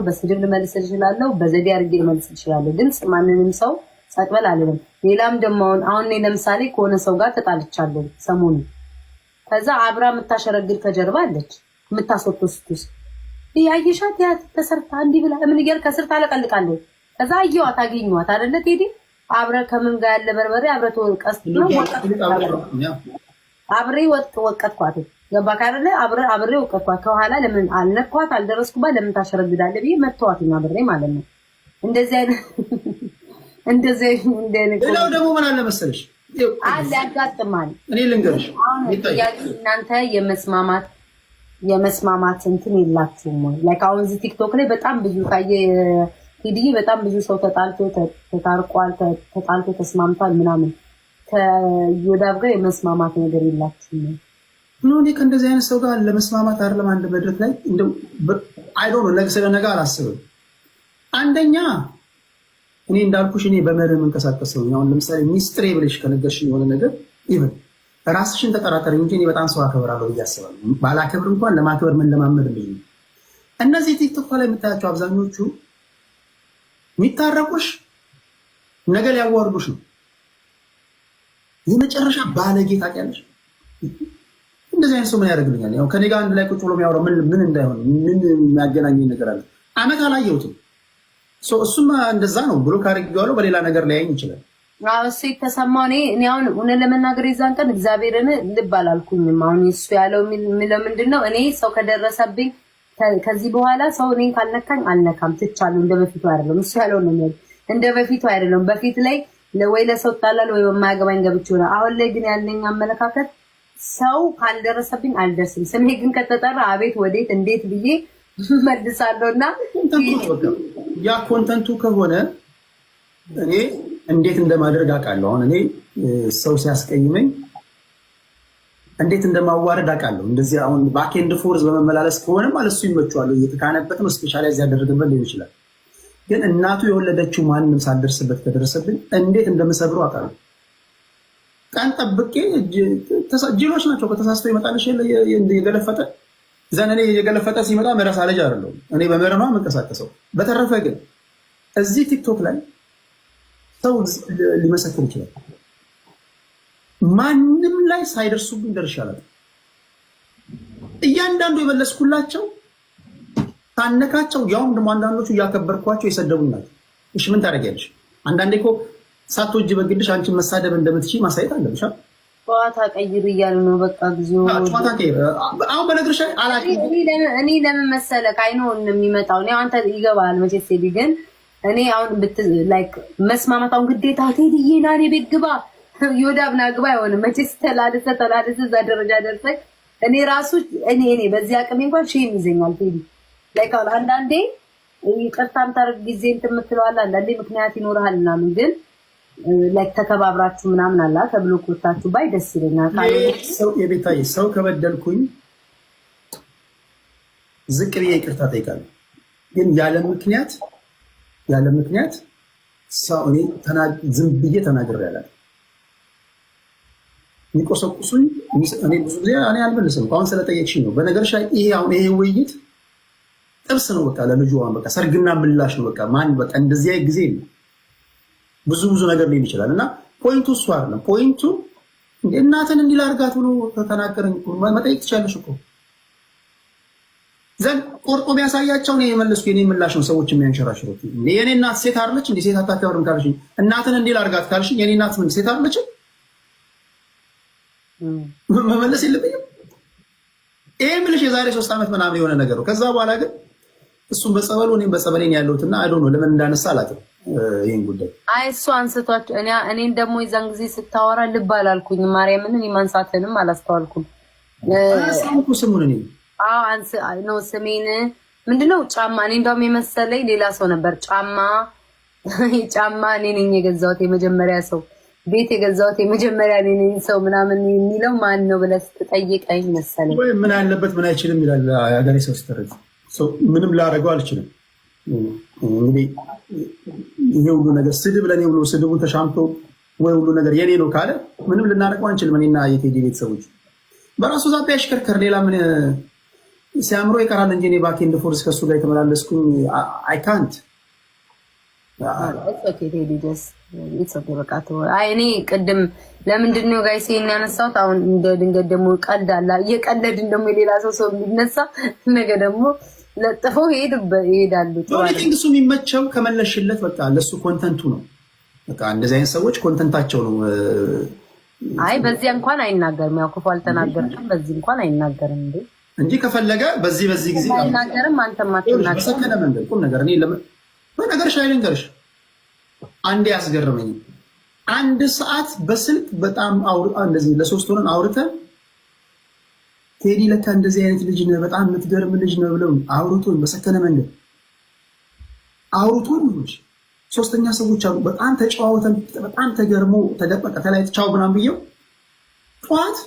እችላለሁ፣ በስድብ ልመልስ እችላለሁ፣ በዘዴ አድርጌ ልመልስ እችላለሁ። ድምፅ ማንንም ሰው ሰቅበል አልልም። ሌላም ደግሞ አሁን አሁን ለምሳሌ ከሆነ ሰው ጋር ተጣልቻለሁ ሰሞኑ። ከዛ አብራ የምታሸረግድ ከጀርባ አለች የምታስወቶስቱስ ያየሻት ያ ተሰርታ እንዲህ ብላ ምን እያል ከስር ታለቀልቃለች። ከዛ አየዋት አገኘዋት አይደለ ቴዲ አብረ ከምን ጋር ያለ በርበሬ አብረ ተወቀስ አብሬ ወጥ ወቀጥኳት። ገባ አይደለ? አብረ አብሬ ወቀጥኳት። ከኋላ ለምን አልነኳት? አልደረስኩባት። ለምን ታሸረግዳለ ብዬ መተዋት አብሬ ማለት ነው። እንደዚህ አይነት እንደዚህ እንደ ሌላው ደግሞ ምን አለ መሰለሽ አለ ያጋጥማል። እኔ ልንገርሽ እናንተ የመስማማት የመስማማት እንትን የላችሁም ወይ? ላይክ አሁን እዚህ ቲክቶክ ላይ በጣም ብዙ ካየ ሂድዬ በጣም ብዙ ሰው ተጣልቶ ተታርቋል፣ ተጣልቶ ተስማምቷል ምናምን ከዮዳብ ጋር የመስማማት ነገር የላችሁም ምን እኔ ከእንደዚህ አይነት ሰው ጋር ለመስማማት አይደለም አንድ መድረክ ላይ አይዶ ነው ስለ ነገ አላስብም። አንደኛ እኔ እንዳልኩሽ እኔ በመርህ የምንቀሳቀስ ነው። አሁን ለምሳሌ ሚስጥሬ ብለሽ ከነገርሽ የሆነ ነገር ይበል ራስሽን ተጠራጠር እንጂ እኔ በጣም ሰው አከብራለሁ ብዬ አስባለሁ። ባላከብር እንኳን ለማክበር ምን ለማመድ ብዬ እነዚህ ቲክቶክ ላይ የምታያቸው አብዛኞቹ የሚታረቁሽ ነገ ሊያዋርዱሽ ነው። የመጨረሻ ባለጌ ታውቂያለሽ እንደዚህ አይነት ሰው ምን ያደርግልኛል? ያው ከኔ ጋር አንድ ላይ ቁጭ ብሎ የሚያወራው ምን ምን እንዳይሆን ምን የሚያገናኘኝ ነገር አለ? አመት አላየሁትም። እሱም እንደዛ ነው ብሎ ካረጊዋለ በሌላ ነገር ሊያየኝ ይችላል። እሱ የተሰማ እኔ እኔ አሁን እውነት ለመናገር የዛን ቀን እግዚአብሔርን ልብ አላልኩኝም። አሁን እሱ ያለው የሚለው ምንድን ነው? እኔ ሰው ከደረሰብኝ ከዚህ በኋላ ሰው እኔን ካልነካኝ አልነካም፣ ትቻለሁ። እንደ በፊቱ አይደለም። እሱ ያለው ነው እንደ በፊቱ አይደለም። በፊት ላይ ወይ ለሰው ጣላል ወይ በማያገባኝ ገብቼ ሆነ። አሁን ላይ ግን ያለኝ አመለካከት ሰው ካልደረሰብኝ አልደርስም። ስሜ ግን ከተጠራ አቤት ወዴት እንዴት ብዬ መልሳለሁ። እና ያ ኮንተንቱ ከሆነ እኔ እንዴት እንደማደርግ አውቃለሁ። አሁን እኔ ሰው ሲያስቀይመኝ እንዴት እንደማዋረድ አውቃለሁ። እንደዚህ አሁን ባኬንድ ፎርዝ በመመላለስ ከሆነ ማለት እሱ እየተካነበት ነው ስፔሻላይዝ ያደረገበት ሊሆን ይችላል። ግን እናቱ የወለደችው ማንም ሳልደርስበት ከደረሰብኝ እንዴት እንደምሰብረው አውቃለሁ። ቀን ጠብቄ ጅሎች ናቸው። ከተሳስተው ይመጣልሽ የገለፈጠ ዘን እኔ የገለፈጠ ሲመጣ መረሳ ልጅ አይደለሁም እኔ በመረኗ የምንቀሳቀሰው። በተረፈ ግን እዚህ ቲክቶክ ላይ ሰው ሊመሰክር ይችላል። ማንም ላይ ሳይደርሱብኝ ደርሻለሁ። እያንዳንዱ የመለስኩላቸው ታነካቸው ያውም ደግሞ አንዳንዶቹ እያከበርኳቸው የሰደቡኝ ናቸው። እሺ ምን ታደርጊያለሽ? አንዳንዴ እኮ ሳትወጂ በግድሽ አንቺን መሳደብ እንደምትች ማሳየት አለብሽ። ጨዋታ ቀይር እያሉ ነው። በቃ ጊዜው ጨዋታ ቀይር። አሁን በነገርሽ እኔ ለምን መሰለህ አይኖን የሚመጣው እኔ አንተ ይገባል መቼስ ቴዲ ግን እኔ አሁን ብት ላይክ መስማማት አሁን ግዴታ ቴዲዬ ና እኔ ቤት ግባ ዮዳብና ግባ አይሆንም መቼስ ተላልሰ ተላልሰ እዛ ደረጃ ደርሰ እኔ ራሱ እኔ እኔ በዚህ አቅሜ እንኳን ሼም ይዘኛል ቴዲ ላይክ አሁን አንዳንዴ ይቅርታም ታደርግ ጊዜ እንትን የምትለዋለህ አንዳንዴ ምክንያት ይኖርሃል ምናምን ግን ላይክ ተከባብራችሁ ምናምን አላ ተብሎ ኮታችሁ ባይ ደስ ይለኛል። የቤታዬ ሰው ከበደልኩኝ ዝቅ ብዬ ይቅርታ ጠይቃለሁ። ግን ያለ ምክንያት ያለ ምክንያት ሰው እኔ ዝም ብዬ ተናግሬ አላውቅም። የሚቆሰቁሱኝ እኔ ብዙ ጊዜ እኔ አልመልስም። አሁን ስለጠየቅሽኝ ነው። በነገርሽ ይሄ አሁን ይሄ ውይይት ጥብስ ነው። በቃ ለልጁ በቃ ሰርግና ምላሽ ነው። በቃ ማን በቃ እንደዚያ ጊዜ ነው ብዙ ብዙ ነገር ሊሆን ይችላል እና ፖይንቱ እሱ አይደለም። ፖይንቱ እናትን እንዲህ ላድርጋት ብሎ ተናገረኝ መጠየቅ ትችላለሽ እኮ ዘንድ ቆርጦ ቢያሳያቸው ነው የመለስኩ። የኔ ምላሽ ነው ሰዎች የሚያንሸራሽሩት። የኔ እናት ሴት አለች እንዲ ሴት አታከብርም ካልሽኝ፣ እናትን እንዲህ ላድርጋት ካልሽ የኔ እናት ምን ሴት አለች መመለስ የለብኝም። ይህ ምልሽ የዛሬ ሶስት ዓመት ምናምን የሆነ ነገር ነው። ከዛ በኋላ ግን እሱም በጸበሉ እኔም በጸበሌን ያለሁትና አይዶ ነው ለምን እንዳነሳ አላውቅም። ይህን ጉዳይ አይ እሱ አንስቷቸው እኔን ደግሞ የዛን ጊዜ ስታወራ ልብ አላልኩኝ። ማርያምን ማንሳትንም አላስተዋልኩም። ስሙን እኔ ነው ስሜን ምንድነው ጫማ እኔ እንደውም የመሰለኝ ሌላ ሰው ነበር። ጫማ ጫማ እኔ ነኝ የገዛሁት የመጀመሪያ ሰው ቤት የገዛሁት የመጀመሪያ እኔ ነኝ ሰው ምናምን የሚለው ማን ነው ብለህ ስትጠይቀኝ መሰለኝ። ምን አለበት ምን አይችልም ይላል ሀገሬ ሰው ስትረጅ ምንም ላደርገው አልችልም እንግዲህ ይሄ ሁሉ ነገር ስድብ ለእኔ ብሎ ስድቡን ተሻምቶ ወይ ሁሉ ነገር የኔ ነው ካለ ምንም ልናደርገው አንችልም። እኔና የቴዲ ቤተሰቦች በራሱ ዛቤ ያሽከርከር ሌላ ምን ሲያምሮ ይቀራል እንጂ እኔ ባኬንድ ፎርስ ከሱ ጋር የተመላለስኩኝ አይካንት እኔ ቅድም ለምንድን ነው ጋይስ ይሄን ያነሳሁት? አሁን እንደ ድንገት ደግሞ ቀልድ አለ እየቀለድን ደግሞ የሌላ ሰው ሰው የሚነሳ ነገ ደግሞ ለጥፈው ይሄዳሉ። ቲንግ እሱ የሚመቸው ከመለሽለት በቃ ለእሱ ኮንተንቱ ነው። በቃ እንደዚህ አይነት ሰዎች ኮንተንታቸው ነው። አይ በዚህ እንኳን አይናገርም። ያው ክፉ አልተናገርም። በዚህ እንኳን አይናገርም እንዴ እንጂ ከፈለገ በዚህ በዚህ ጊዜ አይናገርም። አንተም አትናገርም። ሰከነ መንገድ ቁም ነገር እኔ ለምን በነገርሽ ላይ ልንገርሽ፣ አንዴ ያስገርመኝ አንድ ሰዓት በስልክ በጣም እንደዚህ ለሶስት ሆነን አውርተን ቴዲ ለካ እንደዚህ አይነት ልጅ ነው በጣም የምትገርም ልጅ ነው ብለው አውርቶን በሰከነ መንገድ አውርቶን ልጅ ሶስተኛ ሰዎች አሉ። በጣም ተጨዋወተን፣ በጣም ተገርሞ ተደበቀ ተላይ ቻው ምናምን ብየው ጠዋት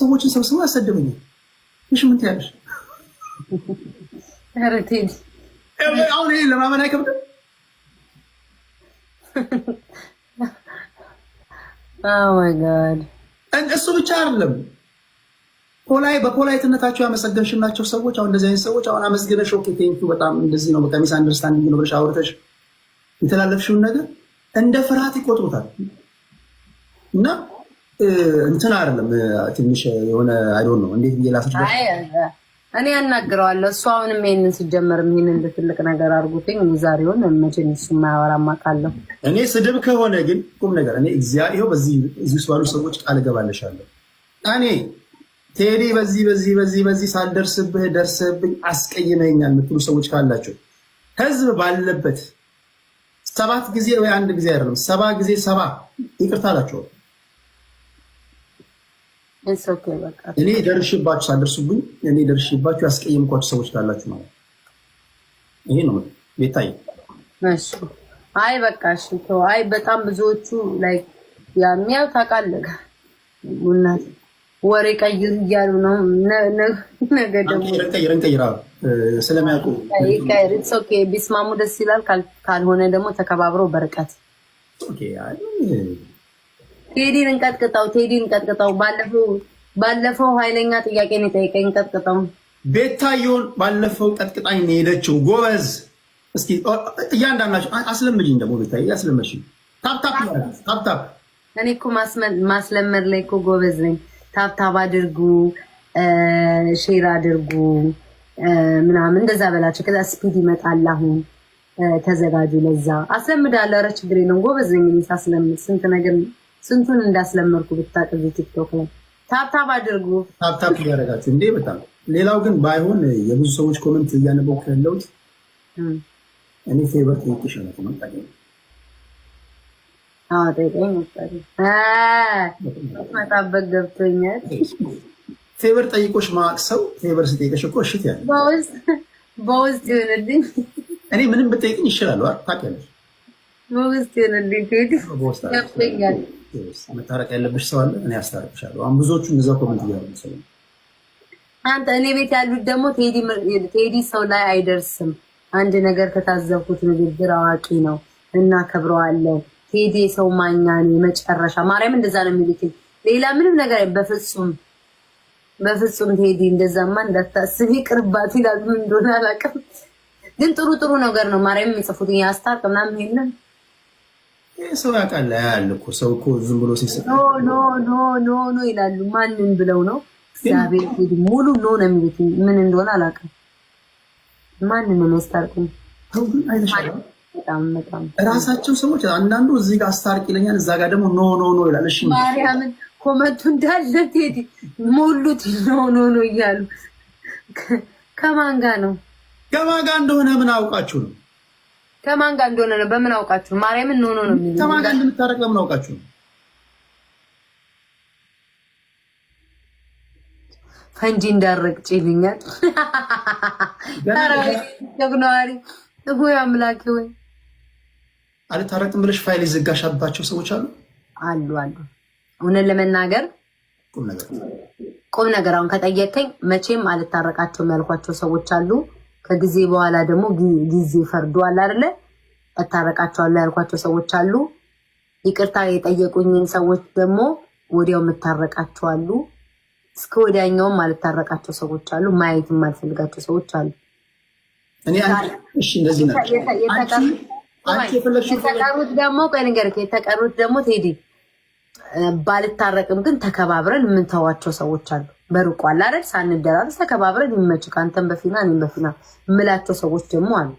ሰዎችን ሰብስበው ያሰደበኛል። ሽ ምንት ያለሽ አሁን ይሄ ለማመን አይከብድም። oh እሱ ብቻ አይደለም ፖላይ በፖላይትነታቸው ያመሰገንሽላቸው ሰዎች አሁን እንደዚህ አይነት ሰዎች አሁን አመስግነሽ ኦኬ ቴንኪው በጣም እንደዚህ ነው በቃ ሚስ አንደርስታንዲንግ ነው ብለሽ አውርተሽ የተላለፍሽውን ነገር እንደ ፍርሃት ይቆጥሩታል እና እንትን አይደለም ትንሽ የሆነ አይዶን ነው እንዴት ብዬ ላሰች እኔ ያናግረዋለሁ እሱ አሁንም ይህንን ሲጀመር ይህን እንደ ትልቅ ነገር አድርጉትኝ ዛሬውን መቼን እሱ ማያወራ ማቃለሁ እኔ ስድብ ከሆነ ግን ቁም ነገር እኔ እግዚአብሔር በዚህ ባሉ ሰዎች ቃል እገባለሻለሁ እኔ ቴዲ በዚህ በዚህ በዚህ በዚህ ሳልደርስብህ ደርስብኝ አስቀይመኛል የምትሉ ሰዎች ካላቸው ህዝብ ባለበት ሰባት ጊዜ ወይ አንድ ጊዜ አይደለም ሰባ ጊዜ ሰባ ይቅርታ አላቸው። እኔ ደርሽባችሁ ሳልደርሱብኝ እኔ ደርሽባችሁ ያስቀየምኳችሁ ሰዎች ካላችሁ ማለት ይሄ ነው ቤታይ። አይ በቃ እሺ፣ አይ በጣም ብዙዎቹ ላይ የሚያው ታውቃለህ ወሬ ቀይር እያሉ ነው። ነገ ደግሞ ቀይር ቢስማሙ ደስ ይላል። ካልሆነ ደግሞ ተከባብሮ በርቀት ቴዲን እንቀጥቅጠው፣ ቴዲን እንቀጥቅጠው። ባለፈው ኃይለኛ ጥያቄ ነው የጠየቀኝ። እንቀጥቅጠው። ቤታየውን ባለፈው ቀጥቅጣኝ ነው የሄደችው። ጎበዝ እስኪ እያንዳንዳቸው አስለምድኝ። ደግሞ ቤታ አስለመድሽኝ። ታፕታፕ ታፕታፕ። እኔ እኮ ማስለመድ ላይ እኮ ጎበዝ ነኝ። ታብታብ አድርጉ፣ ሼር አድርጉ ምናምን እንደዛ በላቸው። ከዛ ስፒድ ይመጣል። አሁን ተዘጋጁ። ለዛ አስለምዳለሁ። ኧረ ችግር የለውም ጎበዝ ነኝ እኔ ሳስለምድ ስንት ነገር ስንቱን እንዳስለመድኩ ብታውቅ እዚህ ቲክቶክ ላይ ታብታብ አድርጉ። ታብታብ እያደረጋችሁ እንዴ! በጣም ሌላው ግን ባይሆን የብዙ ሰዎች ኮመንት እያነበብኩ ያለሁት እኔ ፌቨር ትንትሸነ መጣ ጠቀኝ መጣ መጣበት ገብቶኛል። ፌቨር ጠይቆች ማቅ ሰው ፌቨር ስጠይቀሽ እኮ እሽት ያለ በውስጥ ይሆንልኝ። እኔ ምንም ብጠይቅኝ ይችላሉ ታውቂያለሽ። በውስጥ ይሆንልኝ መታረቅ ያለብሽ ሰው አለ፣ እኔ አስታርቅሻለሁ። አሁን ብዙዎቹ እዛ ኮመንት እያሉ ሰው አንተ እኔ ቤት ያሉት ደግሞ ቴዲ ሰው ላይ አይደርስም። አንድ ነገር ከታዘብኩት ንግግር አዋቂ ነው፣ እናከብረዋለን። ቴዲ ሰው ማኛ ነው የመጨረሻ። ማርያም እንደዛ ነው የሚሉት ሌላ ምንም ነገር በፍጹም በፍጹም ትሄዲ እንደዛማ እንዳታስቢ ቅርባት ይላል። ምን እንደሆነ አላውቅም፣ ግን ጥሩ ጥሩ ነገር ነው። ማርያም የሚጽፉት አስታርቅ ምናምን የለም። ሰው ያውቃል ያህል እኮ ሰው እኮ ዝም ብሎ ሲስቅ ኖ ይላሉ። ማንን ብለው ነው? እግዚአብሔር ሙሉ ኖ ነው የሚሉት። ምን እንደሆነ አላውቅም። ማንን ነው የሚያስታርቁም? ራሳቸው ሰዎች አንዳንዱ እዚህ ጋር አስታርቅ ይለኛል፣ እዛ ጋር ደግሞ ኖ ኖ ኖ ይላል። እሺ ማርያምን ኮመንቱ እንዳለ ቴዲ ሞሉት ነው ነው ነው እያሉ ከማንጋ ነው ከማንጋ እንደሆነ ምን አውቃችሁ ነው? ከማን ጋር እንደሆነ ነው በምን አውቃችሁ? ማርያም ነው ነው ነው የሚለው ከማን ጋር እንደምታረቅ ለምን አውቃችሁ ነው? ፈንጂ እንዳረቅ ጭልኛል ተግነዋሪ እጎ አምላኬ ወይ አልታረቅም ብለሽ ፋይል ይዘጋሻባቸው ሰዎች አሉ አሉ አሉ እውነት ለመናገር ቁም ነገር አሁን ከጠየቀኝ መቼም አልታረቃቸውም ያልኳቸው ሰዎች አሉ። ከጊዜ በኋላ ደግሞ ጊዜ ፈርዷል አይደለ? እታረቃቸዋለሁ ያልኳቸው ሰዎች አሉ። ይቅርታ የጠየቁኝን ሰዎች ደግሞ ወዲያው የምታረቃቸው አሉ። እስከ ወዲያኛውም አልታረቃቸው ሰዎች አሉ። ማየት የማልፈልጋቸው ሰዎች አሉ። የተቀሩት ደግሞ ቀንገር የተቀሩት ደግሞ ቴዲ ባልታረቅም ግን ተከባብረን የምንተዋቸው ሰዎች አሉ። በሩቁ አለ አይደል? ሳንደራረስ ተከባብረን ይመችህ፣ ከአንተን በፊና እኔም በፊና የምላቸው ሰዎች ደግሞ አሉ።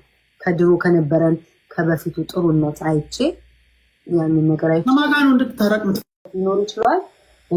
ከድሮ ከነበረን ከበፊቱ ጥሩነት አይቼ ያንን ነገር አይ ኖር ይችላል